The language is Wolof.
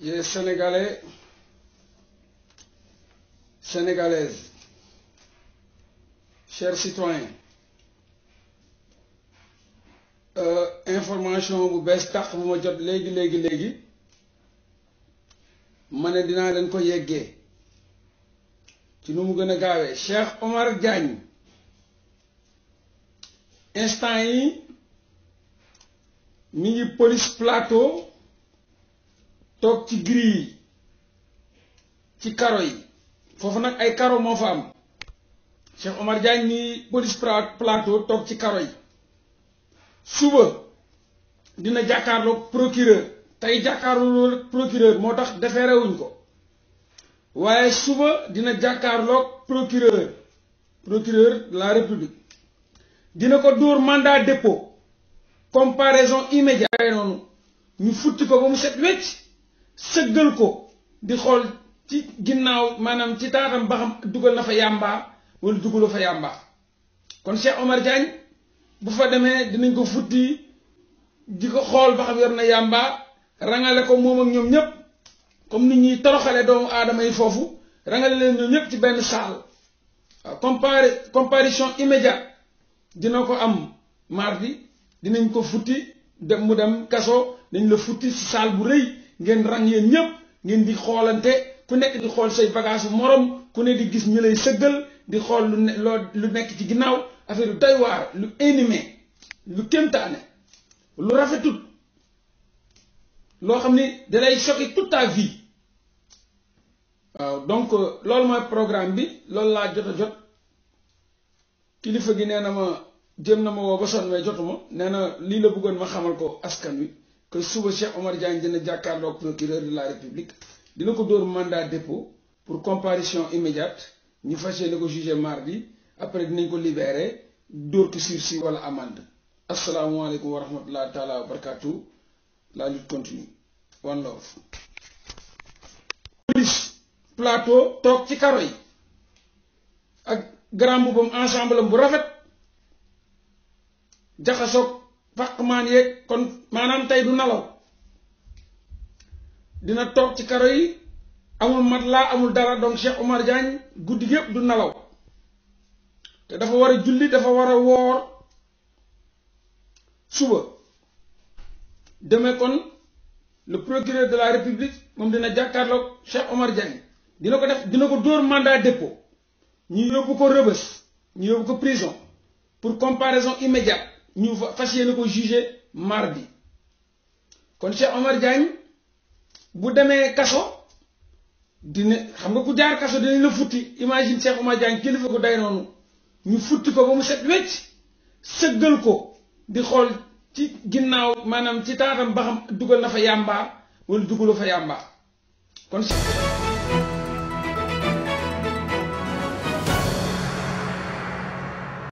les Sénégalais, Sénégalaises, chers citoyens, euh, information bu bees tax bu ma jot léegi léegi léegi ma ne dinaa leen ko yeggee ci nu mu gën a gaawee Cheikh Omar Diagne instant yi mu ngi police plateau. toog ci gris yi ci karo yi foofu nag ay karo moo fa am Cheikh Omar Diagne ni police plateau toog ci karo yi suba dina jàkkaarloog procureur tey jàkkaarloog procureur moo tax deferewuñ ko waaye suba dina jàkkaarloog procureur procureur de la république dina ko dóor mandat dépôt comparaison immédiate noonu ñu futti ko ba mu set wecc sëggal ko di xool ci ginnaaw maanaam ci taatam ba xam dugal na fa yàmba wala dugalu fa yàmba kon Cheikh Omar Diagne bu fa demee dinañ ko futti di ko xool ba xam yor na yàmba rangale ko moom ak ñoom ñëpp comme nit ñuy toroxale doomu aadama yi foofu rangale leen ñoom ñëpp ci benn saal comparé comparaison immédiate dina ko am mardi dinañ ko futti dem mu dem kaso dañ la futti saal bu rëy ngeen rang yéen ñëpp ngeen di xoolante ku nekk di xool say bagage morom ku ne di gis ñu lay sëggal di xool lu ne loo lu nekk ci ginnaaw affaire yu doy waar lu animé lu kémtaane lu rafetut loo xam ni dalay choqué toute ta vie waaw donc euh, loolu mooy programme bi loolu laa jot a jot kilifa gi nee na ma jéem na ma woo ba sonn mais jotuma nee na lii la buggoon ma xamal ko askan wi que suba Cheikh Omar Diagne dina jàkkaarloo procureur de la république dina ko dóor mandat dépôt pour comparution immédiate ñu fas yéene ko jugé mardi après dinañ ko libéré dóor ko sursis wala amende asalaamualeykum wa rahmatulah taalaa wa barakaatu la lutte continue one love. police plateau toog ci karo yi ak grand boubam ensemble bu rafet jaxasoog. fàqmaan yeeg kon maanaam tey du nalaw dina toog ci karo yi amul mat laa amul dara donc Cheikh Omar Diagne guddi gépp du nalaw te dafa war a julli dafa war a woor suba demee kon le procureur de la république moom dina jàkkaarloog Cheikh Omar Diagne dina ko def dina ko dóor mandat dépôt ñu yóbbu ko rëbës ñu yóbbu ko prison pour comparaison immédiate ñu fas yéene ko jugé mardi kon Cheikh Omar Diagne bu demee kaso dina xam nga ku jaar kaso dinañ la futti imagine Cheikh Omar Diagne kilifa ko day noonu ñu futti ko ba mu set wecc sëggal ko di xool ci ginnaaw maanaam ci taatam ba xam dugal na fa yàmbaa wala dugalu fa yàmbaa kon.